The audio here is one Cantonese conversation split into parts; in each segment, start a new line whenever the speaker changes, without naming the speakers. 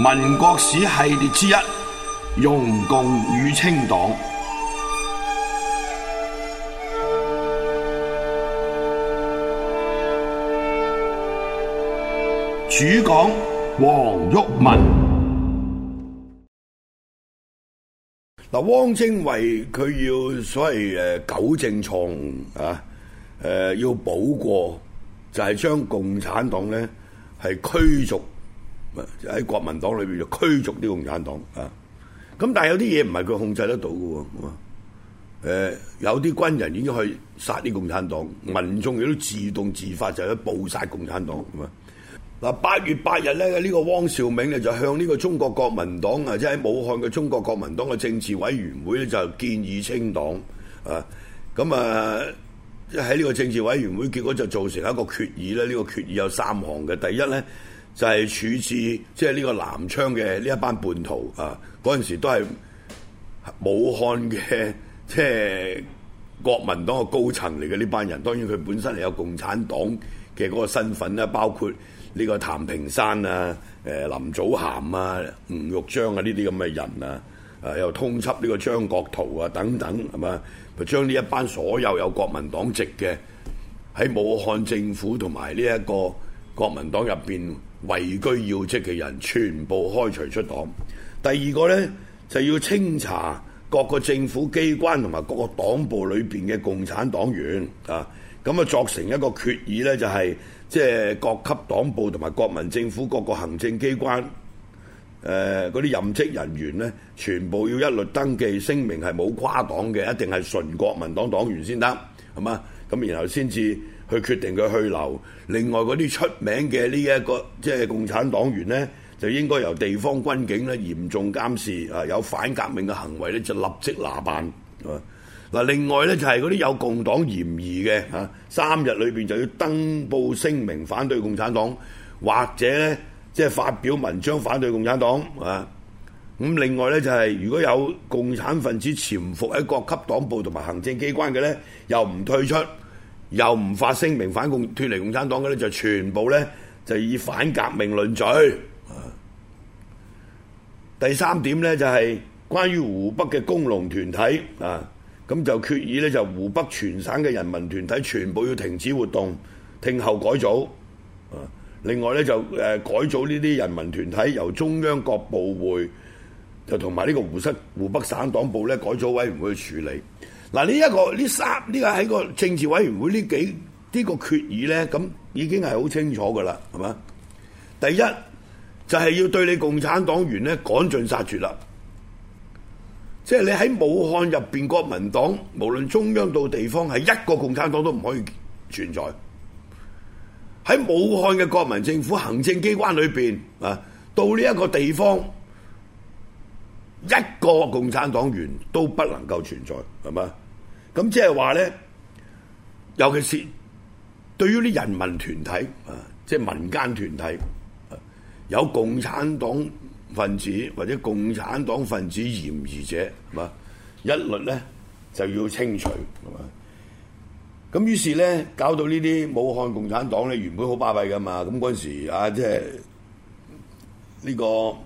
民國史系列之一，容共與清黨。主講黃毓民。嗱，汪精衛佢要所謂誒，糾、呃、正錯誤啊，誒、呃，要補過，就係、是、將共產黨咧係驅逐。喺國民黨裏邊就驅逐啲共產黨啊，咁但係有啲嘢唔係佢控制得到嘅，誒，有啲軍人已經去殺啲共產黨，民眾亦都自動自發就去暴殺共產黨咁啊。嗱，八月八日咧，呢個汪兆銘咧就向呢個中國國民黨啊，即係喺武漢嘅中國國民黨嘅政治委員會咧就建議清黨啊，咁啊，即喺呢個政治委員會，結果就造成一個決議咧，呢個決議有三項嘅，第一咧。就係處置即係呢個南昌嘅呢一班叛徒啊！嗰陣時都係武漢嘅即係國民黨嘅高層嚟嘅呢班人。當然佢本身係有共產黨嘅嗰個身份啦，包括呢個譚平山啊、誒林祖涵啊、吳玉章啊呢啲咁嘅人啊，啊又通緝呢個張國燾啊等等，係嘛？就將呢一班所有有國民黨籍嘅喺武漢政府同埋呢一個國民黨入邊。位居要職嘅人全部開除出黨。第二個呢，就要清查各個政府機關同埋各個黨部裏邊嘅共產黨員啊，咁啊作成一個決議呢，就係即係各級黨部同埋國民政府各個行政機關，誒嗰啲任職人員呢，全部要一律登記聲明係冇跨黨嘅，一定係純國民黨黨員先得，係嘛？咁然後先至。去決定佢去留。另外嗰啲出名嘅呢一個即係共產黨員呢，就應該由地方軍警呢嚴重監視。啊，有反革命嘅行為呢就立即拿辦。啊，嗱，另外呢，就係嗰啲有共黨嫌疑嘅嚇，三日裏邊就要登報聲明反對共產黨，或者呢，即係發表文章反對共產黨。啊，咁另外呢，就係如果有共產分子潛伏喺各級黨部同埋行政機關嘅呢，又唔退出。又唔發聲明反共脫離共產黨嘅呢，就全部呢，就以反革命論罪。啊、第三點呢，就係、是、關於湖北嘅工農團體啊，咁就決議呢，就湖北全省嘅人民團體全部要停止活動，聽候改組，啊。另外呢，就誒改組呢啲人民團體，由中央各部會就同埋呢個湖北省黨部呢，改組委員會去處理。嗱、這個，呢、這、一個呢三呢個喺個政治委員會呢幾呢、這個決議呢，咁已經係好清楚噶啦，係嘛？第一就係、是、要對你共產黨員呢趕盡殺絕啦，即係你喺武漢入邊，國民黨無論中央到地方係一個共產黨都唔可以存在，在，喺武漢嘅國民政府行政機關裏邊，啊，到呢一個地方。一個共產黨員都不能夠存在，係嘛？咁即係話咧，尤其是對於啲人民團體啊，即係、就是、民間團體，有共產黨分子或者共產黨分子嫌疑者，係嘛？一律咧就要清除，係嘛？咁於是咧，搞到呢啲武漢共產黨咧原本好巴閉噶嘛，咁嗰時啊，即係呢個。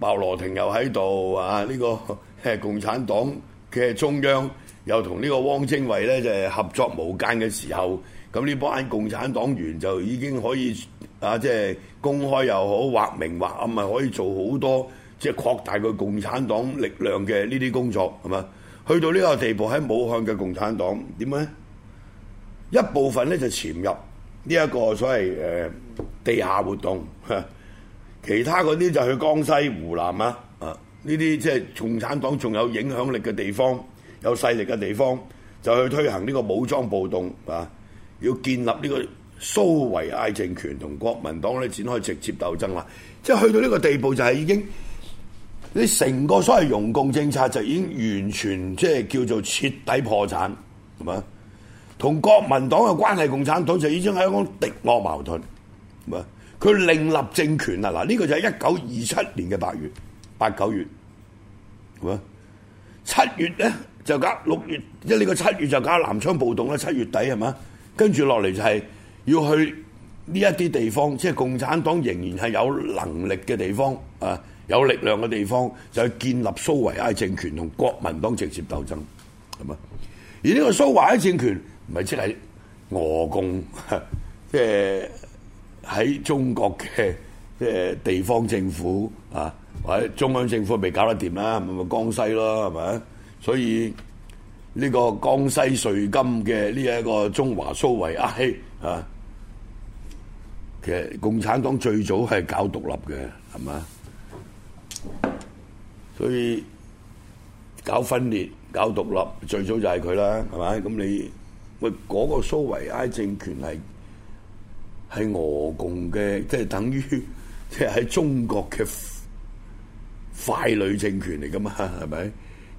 鮑羅廷又喺度啊！呢、這個共產黨嘅中央，又同呢個汪精衛呢就是、合作無間嘅時候，咁呢班共產黨員就已經可以啊，即、就、係、是、公開又好，或明或暗咪可以做好多即係、就是、擴大佢共產黨力量嘅呢啲工作，係嘛？去到呢個地步，喺武漢嘅共產黨點呢？一部分呢就潛入呢一個所謂、啊、地下活動。啊。其他嗰啲就去江西、湖南啊，啊呢啲即係共產黨仲有影響力嘅地方，有勢力嘅地方，就去推行呢個武裝暴動，啊，要建立呢個蘇維埃政權同國民黨咧展開直接鬥爭啦、啊。即係去到呢個地步就係已經你成個所謂容共政策就已經完全即係叫做徹底破產，係嘛？同國民黨嘅關係，共產黨就已經係一種敵我矛盾，係嘛？佢另立政權啊！嗱，呢個就係一九二七年嘅八月、八九月，係嘛？七月咧就搞六月，即係呢個七月就搞南昌暴動啦。七月底係嘛？跟住落嚟就係要去呢一啲地方，即係共產黨仍然係有能力嘅地方啊，有力量嘅地方，就去建立蘇維埃政權同國民黨直接鬥爭，係嘛？而呢個蘇維埃政權唔係即係俄共，即係。即係喺中國嘅即係地方政府啊，或者中央政府未搞得掂啦，咪咪江西咯，係咪啊？所以呢個江西瑞金嘅呢一個中華蘇維埃啊，其實共產黨最早係搞獨立嘅，係咪啊？所以搞分裂、搞獨立最早就係佢啦，係咪？咁你喂嗰個蘇維埃政權係？係俄共嘅，即係等於即係喺中國嘅傀儡政權嚟㗎嘛？係咪？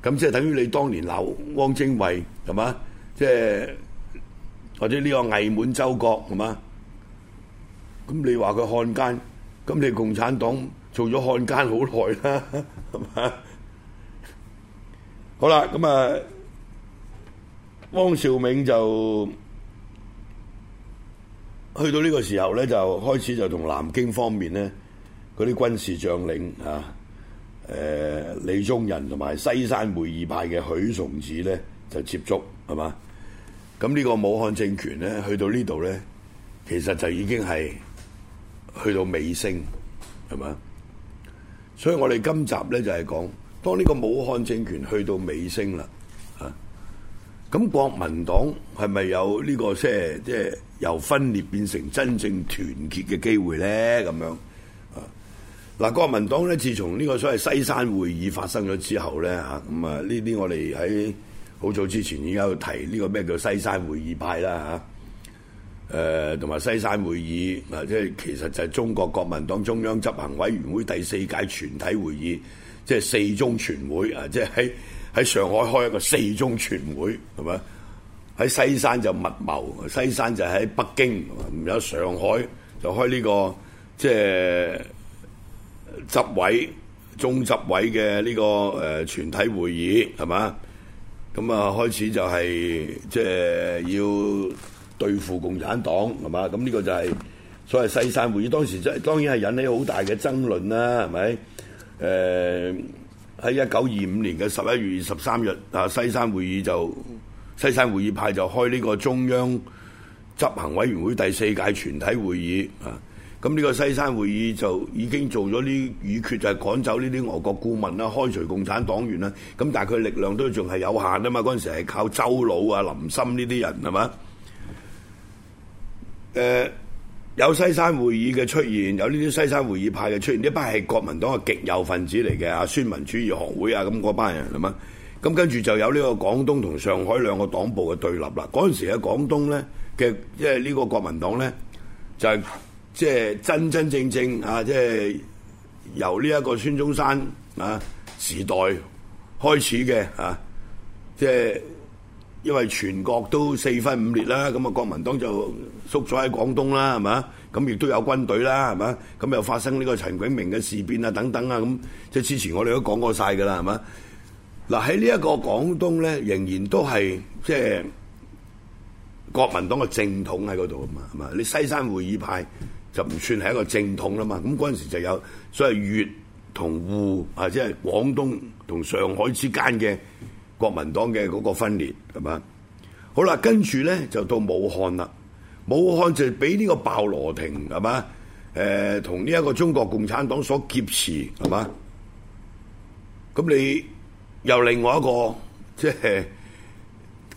咁即係等於你當年鬧汪精衛係嘛？即係或者呢個偽滿洲國係嘛？咁你話佢漢奸，咁你共產黨做咗漢奸好耐啦，係嘛？好啦，咁啊，汪兆銘就。去到呢個時候咧，就開始就同南京方面咧，嗰啲軍事將領啊，誒、呃、李宗仁同埋西山會議派嘅許崇智咧，就接觸係嘛？咁呢個武漢政權咧，去到呢度咧，其實就已經係去到尾聲係嘛？所以我哋今集咧就係、是、講，當呢個武漢政權去到尾聲啦，嚇、啊。咁國民黨係咪有呢個即係即係由分裂變成真正團結嘅機會咧？咁樣啊嗱，國民黨咧，自從呢個所謂西山會議發生咗之後咧嚇，咁啊呢啲我哋喺好早之前已經有提呢個咩叫西山會議派啦嚇，誒同埋西山會議啊，即係其實就係中國國民黨中央執行委員會第四屆全體會議，即係四中全會啊，即係喺。喺上海開一個四中全會，係咪？喺西山就密謀，西山就喺北京，唔有上海就開呢、這個即係、就是、執委、中執委嘅呢、這個誒、呃、全體會議，係咪啊？咁啊開始就係即係要對付共產黨，係咪啊？咁呢個就係所謂西山會議，當時真當然係引起好大嘅爭論啦，係咪？誒、呃。喺一九二五年嘅十一月二十三日，啊，西山會議就，西山會議派就開呢個中央執行委員會第四屆全體會議啊，咁呢個西山會議就已經做咗啲議決，就係趕走呢啲俄國顧問啦，開除共產黨員啦，咁但係佢力量都仲係有限啊嘛，嗰陣時係靠周魯啊、林森呢啲人係嘛？誒。呃有西山會議嘅出現，有呢啲西山會議派嘅出現，呢班係國民黨嘅極右分子嚟嘅，啊，孫文主義學會啊，咁嗰班人啦嘛，咁跟住就有呢個廣東同上海兩個黨部嘅對立啦。嗰陣時喺廣東咧嘅，即係呢個國民黨咧，就係即係真真正正啊，即係由呢一個孫中山啊時代開始嘅啊，即係。因為全國都四分五裂啦，咁啊國民黨就縮咗喺廣東啦，係嘛？咁亦都有軍隊啦，係嘛？咁又發生呢個陳炯明嘅事變啊，等等啊，咁即係之前我哋都講過晒㗎啦，係嘛？嗱喺呢一個廣東咧，仍然都係即係國民黨嘅正統喺嗰度啊嘛，係嘛？你西山會議派就唔算係一個正統啦嘛，咁嗰陣時就有所謂粵同滬啊，即係廣東同上海之間嘅。國民黨嘅嗰個分裂係嘛？好啦，跟住咧就到武漢啦。武漢就俾呢個鮑羅廷，係嘛？誒，同呢一個中國共產黨所劫持係嘛？咁你又另外一個即係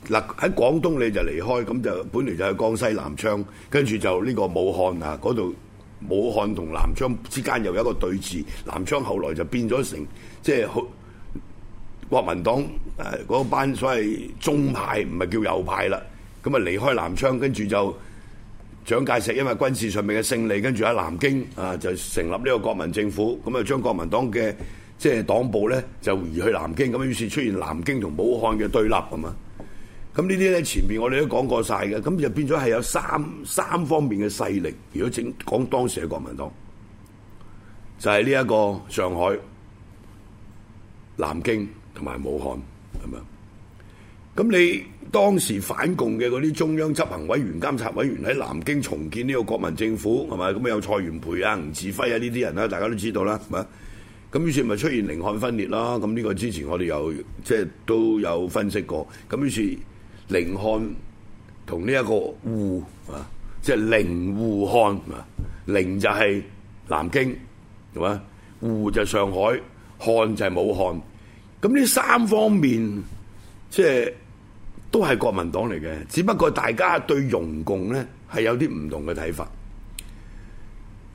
嗱，喺廣東你就離開，咁就本來就係江西南昌，跟住就呢個武漢啊嗰度，武漢同南昌之間又有一個對峙。南昌後來就變咗成即係好。就是國民黨誒嗰班所謂中派唔係叫右派啦，咁啊離開南昌，跟住就蔣介石因為軍事上面嘅勝利，跟住喺南京啊就成立呢個國民政府，咁啊將國民黨嘅即係黨部咧就移去南京，咁於是出現南京同武漢嘅對立咁啊。咁呢啲咧前面我哋都講過晒嘅，咁就變咗係有三三方面嘅勢力。如果整講當時嘅國民黨，就係呢一個上海、南京。同埋武漢係嘛？咁你當時反共嘅嗰啲中央執行委員監察委員喺南京重建呢個國民政府係咪？咁有蔡元培啊、吳稚暉啊呢啲人啦、啊，大家都知道啦，係嘛？咁於是咪出現寧漢分裂啦。咁呢個之前我哋有即係都有分析過。咁於是寧漢同呢一個滬啊，即係、就是、寧滬漢啊，寧就係南京係嘛？滬就係上海，漢就係武漢。咁呢三方面，即係都係國民黨嚟嘅，只不過大家對容共咧係有啲唔同嘅睇法。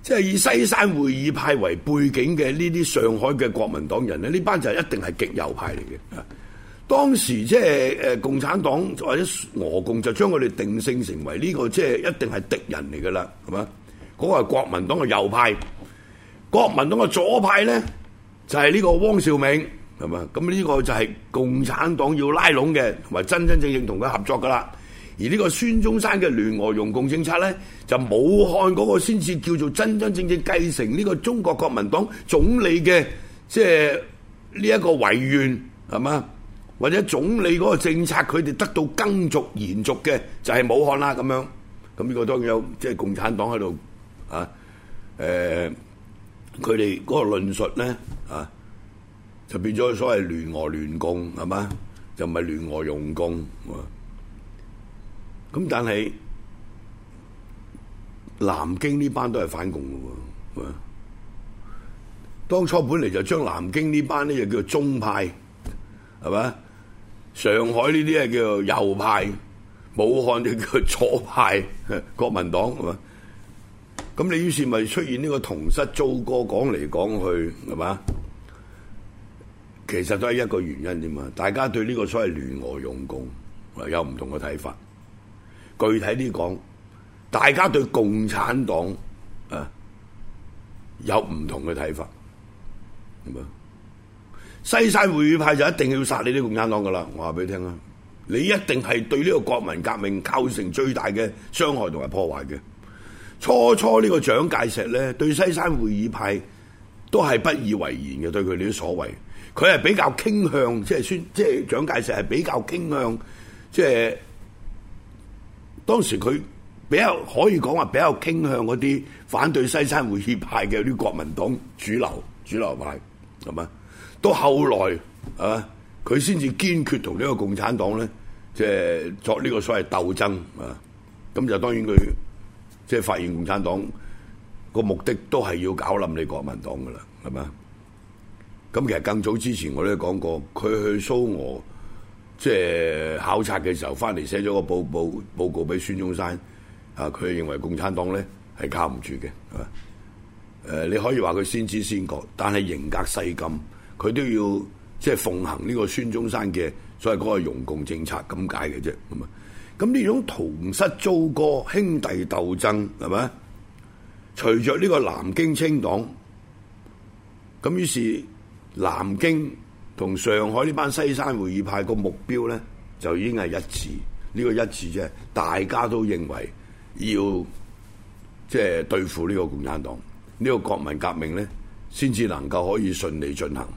即係以西山會議派為背景嘅呢啲上海嘅國民黨人咧，呢班就一定係極右派嚟嘅。當時即係共產黨或者俄共就將佢哋定性成為呢個即係一定係敵人嚟噶啦，係嘛？嗰個係國民黨嘅右派，國民黨嘅左派咧就係呢個汪兆銘。係嘛？咁呢個就係共產黨要拉攏嘅，同埋真真正正同佢合作噶啦。而呢個孫中山嘅聯俄容共政策咧，就武漢嗰個先至叫做真真正正繼承呢個中國國民黨總理嘅，即係呢一個遺願係嘛？或者總理嗰個政策，佢哋得到更續延續嘅，就係、是、武漢啦。咁樣咁呢個當然有，即、就、係、是、共產黨喺度啊？誒、呃，佢哋嗰個論述咧啊？就變咗所謂聯俄聯共，係嘛？就唔係聯俄用共，咁但係南京呢班都係反共嘅喎。當初本嚟，就將南京呢班呢就叫做中派，係嘛？上海呢啲係叫做右派，武漢就叫左派，國民黨，係嘛？咁你於是咪出現呢個同室操戈，講嚟講去，係嘛？其實都係一個原因點啊？大家對呢個所謂聯俄容共有唔同嘅睇法。具體啲講，大家對共產黨啊有唔同嘅睇法，係咪啊？西山會議派就一定要殺你啲共產黨噶啦！我話俾你聽啊，你一定係對呢個國民革命構成最大嘅傷害同埋破壞嘅。初初呢個蔣介石咧，對西山會議派都係不以為然嘅，對佢哋啲所謂。佢係比較傾向，即係宣，即係蔣介石係比較傾向，即係當時佢比較可以講話比較傾向嗰啲反對西山會議派嘅啲國民黨主流主流派，係咪？到後來係嘛，佢先至堅決同呢個共產黨咧，即係作呢個所謂鬥爭啊！咁就當然佢即係發現共產黨個目的都係要搞冧你國民黨噶啦，係嘛？咁其實更早之前我都講過，佢去蘇俄即係、就是、考察嘅時候，翻嚟寫咗個報告，報告俾孫中山，啊，佢認為共產黨咧係靠唔住嘅，係嘛？誒，你可以話佢先知先覺，但係形格勢禁佢都要即係奉行呢個孫中山嘅所謂嗰個容共政策咁解嘅啫，咁啊，咁呢種同室操戈、兄弟鬥爭係咪？隨着呢個南京清黨，咁於是。南京同上海呢班西山會議派個目標咧，就已經係一致呢、呢個一致啫。大家都認為要即係、就是、對付呢個共產黨，呢、呢個國民革命咧，先至能夠可以順利進行。